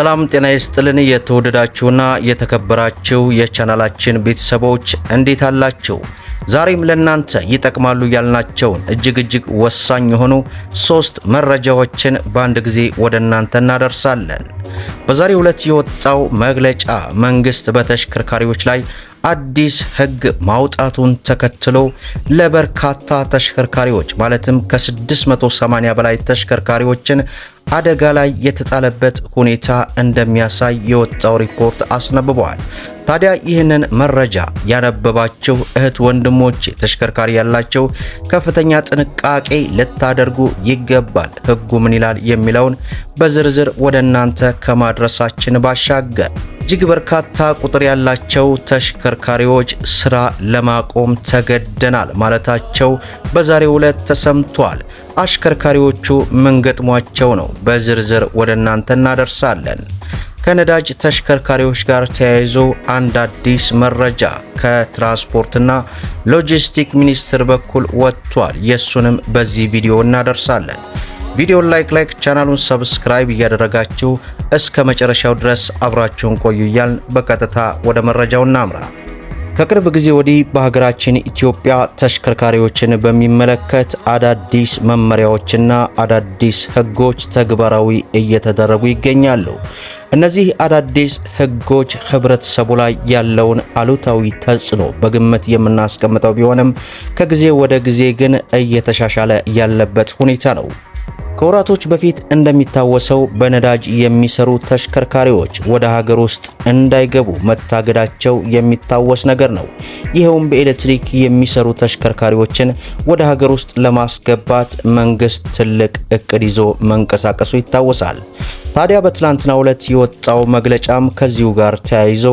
ሰላም ጤና ይስጥልን። የተወደዳችሁና የተከበራችሁ የቻናላችን ቤተሰቦች እንዴት አላችሁ? ዛሬም ለእናንተ ይጠቅማሉ ያልናቸውን እጅግ እጅግ ወሳኝ የሆኑ ሶስት መረጃዎችን በአንድ ጊዜ ወደ እናንተ እናደርሳለን። በዛሬው ዕለት የወጣው መግለጫ መንግስት በተሽከርካሪዎች ላይ አዲስ ህግ ማውጣቱን ተከትሎ ለበርካታ ተሽከርካሪዎች ማለትም ከ680 በላይ ተሽከርካሪዎችን አደጋ ላይ የተጣለበት ሁኔታ እንደሚያሳይ የወጣው ሪፖርት አስነብበዋል። ታዲያ ይህንን መረጃ ያነበባችሁ እህት ወንድሞች ተሽከርካሪ ያላቸው ከፍተኛ ጥንቃቄ ልታደርጉ ይገባል። ህጉ ምን ይላል የሚለውን በዝርዝር ወደ እናንተ ከማድረሳችን ባሻገር እጅግ በርካታ ቁጥር ያላቸው ተሽከርካሪዎች ስራ ለማቆም ተገደናል ማለታቸው በዛሬው ዕለት ተሰምቷል። አሽከርካሪዎቹ ምን ገጥሟቸው ነው? በዝርዝር ወደ እናንተ እናደርሳለን። ከነዳጅ ተሽከርካሪዎች ጋር ተያይዞ አንድ አዲስ መረጃ ከትራንስፖርትና ሎጂስቲክ ሚኒስቴር በኩል ወጥቷል። የሱንም በዚህ ቪዲዮ እናደርሳለን። ቪዲዮን ላይክ ላይክ ቻናሉን ሰብስክራይብ እያደረጋችሁ እስከ መጨረሻው ድረስ አብራችሁን ቆዩ እያልን በቀጥታ ወደ መረጃው እናምራ። ከቅርብ ጊዜ ወዲህ በሀገራችን ኢትዮጵያ ተሽከርካሪዎችን በሚመለከት አዳዲስ መመሪያዎችና አዳዲስ ሕጎች ተግባራዊ እየተደረጉ ይገኛሉ። እነዚህ አዳዲስ ሕጎች ህብረተሰቡ ላይ ያለውን አሉታዊ ተጽዕኖ በግምት የምናስቀምጠው ቢሆንም ከጊዜ ወደ ጊዜ ግን እየተሻሻለ ያለበት ሁኔታ ነው። ከወራቶች በፊት እንደሚታወሰው በነዳጅ የሚሰሩ ተሽከርካሪዎች ወደ ሀገር ውስጥ እንዳይገቡ መታገዳቸው የሚታወስ ነገር ነው። ይኸውም በኤሌክትሪክ የሚሰሩ ተሽከርካሪዎችን ወደ ሀገር ውስጥ ለማስገባት መንግስት ትልቅ እቅድ ይዞ መንቀሳቀሱ ይታወሳል። ታዲያ በትላንትናው ዕለት የወጣው መግለጫም ከዚሁ ጋር ተያይዞ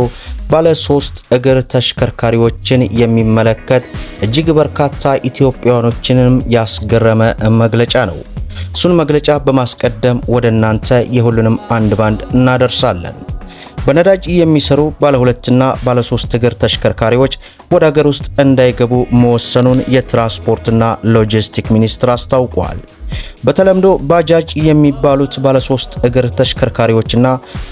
ባለ ሶስት እግር ተሽከርካሪዎችን የሚመለከት እጅግ በርካታ ኢትዮጵያውያኖችንም ያስገረመ መግለጫ ነው። እሱን መግለጫ በማስቀደም ወደ እናንተ የሁሉንም አንድ ባንድ እናደርሳለን። በነዳጅ የሚሰሩ ባለ ሁለትና ባለ ሶስት እግር ተሽከርካሪዎች ወደ አገር ውስጥ እንዳይገቡ መወሰኑን የትራንስፖርትና ሎጂስቲክ ሚኒስቴር አስታውቋል። በተለምዶ ባጃጅ የሚባሉት ባለ ሶስት እግር ተሽከርካሪዎችና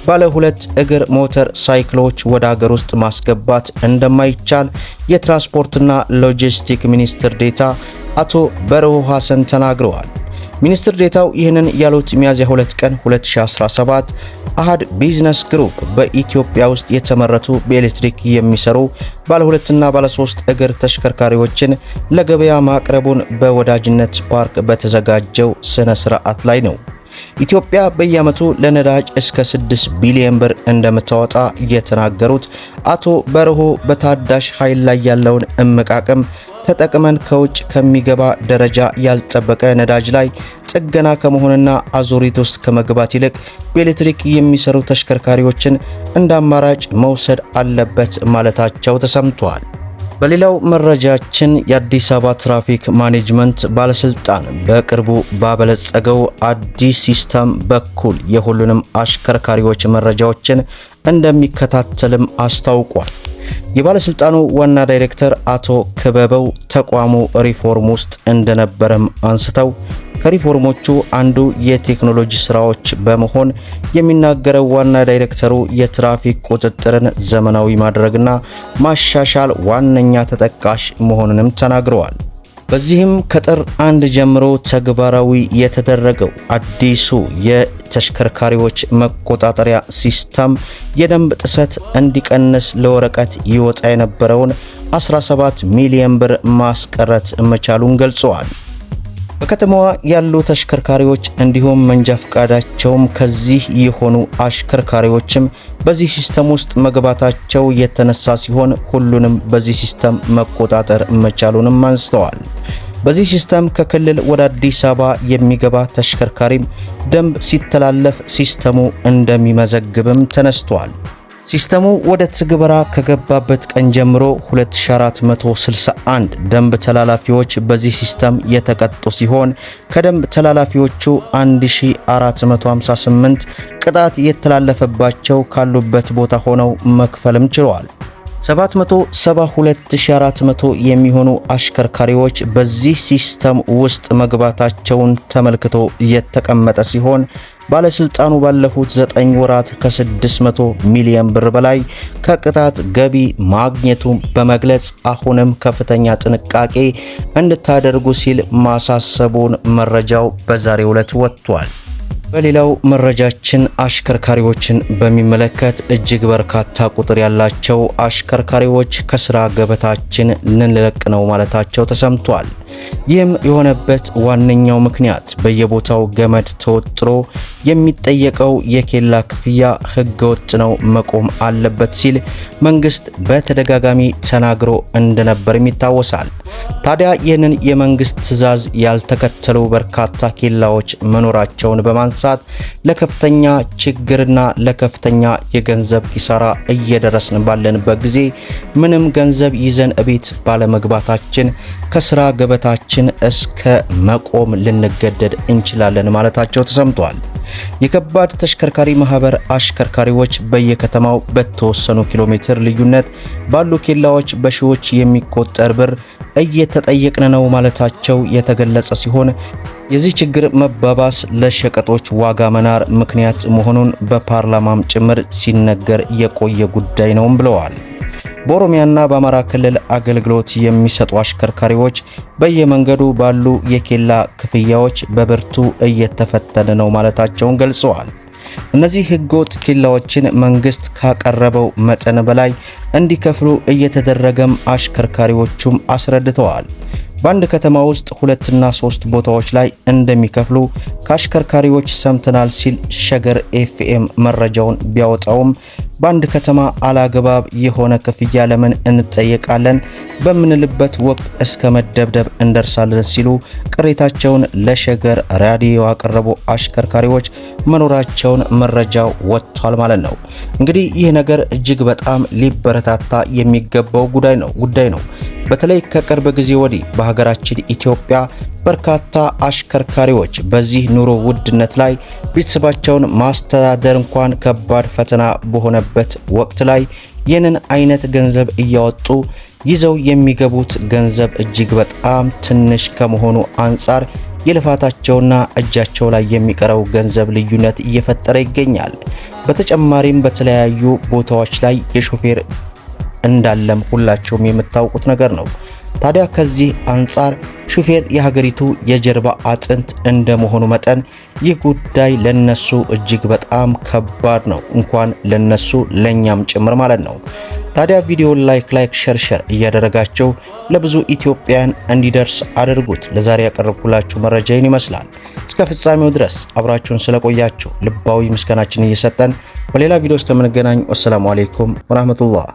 ባለ ሁለት እግር ሞተር ሳይክሎች ወደ አገር ውስጥ ማስገባት እንደማይቻል የትራንስፖርትና ሎጂስቲክ ሚኒስትር ዴታ አቶ በረሁ ሀሰን ተናግረዋል። ሚኒስትር ዴታው ይህንን ያሉት ሚያዝያ 2 ቀን 2017 አሃድ ቢዝነስ ግሩፕ በኢትዮጵያ ውስጥ የተመረቱ በኤሌክትሪክ የሚሰሩ ባለ ሁለትና ባለ ሶስት እግር ተሽከርካሪዎችን ለገበያ ማቅረቡን በወዳጅነት ፓርክ በተዘጋጀው ስነ ስርዓት ላይ ነው። ኢትዮጵያ በየዓመቱ ለነዳጅ እስከ 6 ቢሊዮን ብር እንደምታወጣ የተናገሩት አቶ በርሆ በታዳሽ ኃይል ላይ ያለውን እምቅ አቅም ተጠቅመን ከውጭ ከሚገባ ደረጃ ያልጠበቀ ነዳጅ ላይ ጥገና ከመሆንና አዙሪት ውስጥ ከመግባት ይልቅ በኤሌክትሪክ የሚሰሩ ተሽከርካሪዎችን እንደ አማራጭ መውሰድ አለበት ማለታቸው ተሰምቷል። በሌላው መረጃችን የአዲስ አበባ ትራፊክ ማኔጅመንት ባለስልጣን በቅርቡ ባበለጸገው አዲስ ሲስተም በኩል የሁሉንም አሽከርካሪዎች መረጃዎችን እንደሚከታተልም አስታውቋል። የባለስልጣኑ ዋና ዳይሬክተር አቶ ክበበው ተቋሙ ሪፎርም ውስጥ እንደነበረም አንስተው ከሪፎርሞቹ አንዱ የቴክኖሎጂ ስራዎች በመሆን የሚናገረው ዋና ዳይሬክተሩ የትራፊክ ቁጥጥርን ዘመናዊ ማድረግና ማሻሻል ዋነኛ ተጠቃሽ መሆኑንም ተናግረዋል። በዚህም ከጥር አንድ ጀምሮ ተግባራዊ የተደረገው አዲሱ የተሽከርካሪዎች መቆጣጠሪያ ሲስተም የደንብ ጥሰት እንዲቀንስ ለወረቀት ይወጣ የነበረውን 17 ሚሊዮን ብር ማስቀረት መቻሉን ገልጸዋል። በከተማዋ ያሉ ተሽከርካሪዎች እንዲሁም መንጃ ፈቃዳቸውም ከዚህ የሆኑ አሽከርካሪዎችም በዚህ ሲስተም ውስጥ መግባታቸው የተነሳ ሲሆን ሁሉንም በዚህ ሲስተም መቆጣጠር መቻሉንም አንስተዋል። በዚህ ሲስተም ከክልል ወደ አዲስ አበባ የሚገባ ተሽከርካሪም ደንብ ሲተላለፍ ሲስተሙ እንደሚመዘግብም ተነስቷል። ሲስተሙ ወደ ትግበራ ከገባበት ቀን ጀምሮ 2461 ደንብ ተላላፊዎች በዚህ ሲስተም የተቀጡ ሲሆን ከደንብ ተላላፊዎቹ 1458 ቅጣት የተላለፈባቸው ካሉበት ቦታ ሆነው መክፈልም ችለዋል። 772400 የሚሆኑ አሽከርካሪዎች በዚህ ሲስተም ውስጥ መግባታቸውን ተመልክቶ የተቀመጠ ሲሆን ባለስልጣኑ ባለፉት ዘጠኝ ወራት ከ600 ሚሊዮን ብር በላይ ከቅጣት ገቢ ማግኘቱን በመግለጽ አሁንም ከፍተኛ ጥንቃቄ እንድታደርጉ ሲል ማሳሰቡን መረጃው በዛሬው ዕለት ወጥቷል። በሌላው መረጃችን አሽከርካሪዎችን በሚመለከት እጅግ በርካታ ቁጥር ያላቸው አሽከርካሪዎች ከስራ ገበታችን ልንለቅ ነው ማለታቸው ተሰምቷል። ይህም የሆነበት ዋነኛው ምክንያት በየቦታው ገመድ ተወጥሮ የሚጠየቀው የኬላ ክፍያ ህገወጥ ነው፣ መቆም አለበት ሲል መንግስት በተደጋጋሚ ተናግሮ እንደነበርም ይታወሳል። ታዲያ ይህንን የመንግስት ትዕዛዝ ያልተከተሉ በርካታ ኬላዎች መኖራቸውን በማንሳት ለከፍተኛ ችግርና ለከፍተኛ የገንዘብ ኪሳራ እየደረስን ባለንበት ጊዜ ምንም ገንዘብ ይዘን እቤት ባለመግባታችን ከስራ ገበታ ከእምነታችን እስከ መቆም ልንገደድ እንችላለን ማለታቸው ተሰምቷል። የከባድ ተሽከርካሪ ማህበር አሽከርካሪዎች በየከተማው በተወሰኑ ኪሎ ሜትር ልዩነት ባሉ ኬላዎች በሺዎች የሚቆጠር ብር እየተጠየቅን ነው ማለታቸው የተገለጸ ሲሆን የዚህ ችግር መባባስ ለሸቀጦች ዋጋ መናር ምክንያት መሆኑን በፓርላማም ጭምር ሲነገር የቆየ ጉዳይ ነውም ብለዋል። በኦሮሚያና በአማራ ክልል አገልግሎት የሚሰጡ አሽከርካሪዎች በየመንገዱ ባሉ የኬላ ክፍያዎች በብርቱ እየተፈተነ ነው ማለታቸውን ገልጸዋል። እነዚህ ህገወጥ ኬላዎችን መንግስት ካቀረበው መጠን በላይ እንዲከፍሉ እየተደረገም አሽከርካሪዎቹም አስረድተዋል። በአንድ ከተማ ውስጥ ሁለትና ሶስት ቦታዎች ላይ እንደሚከፍሉ ከአሽከርካሪዎች ሰምተናል ሲል ሸገር ኤፍኤም መረጃውን ቢያወጣውም በአንድ ከተማ አላግባብ የሆነ ክፍያ ለምን እንጠየቃለን በምንልበት ወቅት እስከ መደብደብ እንደርሳለን ሲሉ ቅሬታቸውን ለሸገር ራዲዮ ያቀረቡ አሽከርካሪዎች መኖራቸውን መረጃው ወጥቷል ማለት ነው። እንግዲህ ይህ ነገር እጅግ በጣም ሊበረታታ የሚገባው ጉዳይ ነው ጉዳይ ነው። በተለይ ከቅርብ ጊዜ ወዲህ በሀገራችን ኢትዮጵያ በርካታ አሽከርካሪዎች በዚህ ኑሮ ውድነት ላይ ቤተሰባቸውን ማስተዳደር እንኳን ከባድ ፈተና በሆነበት ወቅት ላይ ይህንን አይነት ገንዘብ እያወጡ ይዘው የሚገቡት ገንዘብ እጅግ በጣም ትንሽ ከመሆኑ አንጻር የልፋታቸውና እጃቸው ላይ የሚቀረው ገንዘብ ልዩነት እየፈጠረ ይገኛል። በተጨማሪም በተለያዩ ቦታዎች ላይ የሾፌር እንዳለም ሁላቸውም የምታውቁት ነገር ነው። ታዲያ ከዚህ አንጻር ሹፌር የሀገሪቱ የጀርባ አጥንት እንደመሆኑ መጠን ይህ ጉዳይ ለነሱ እጅግ በጣም ከባድ ነው። እንኳን ለነሱ ለኛም ጭምር ማለት ነው። ታዲያ ቪዲዮ ላይክ ላይክ ሸርሸር እያደረጋቸው ለብዙ ኢትዮጵያን እንዲደርስ አድርጉት። ለዛሬ ያቀረብኩላችሁ መረጃይን ይመስላል። እስከ ፍጻሜው ድረስ አብራችሁን ስለቆያችሁ ልባዊ ምስጋናችን እየሰጠን በሌላ ቪዲዮ እስከምንገናኝ ወሰላሙ አሌይኩም ወራህመቱላህ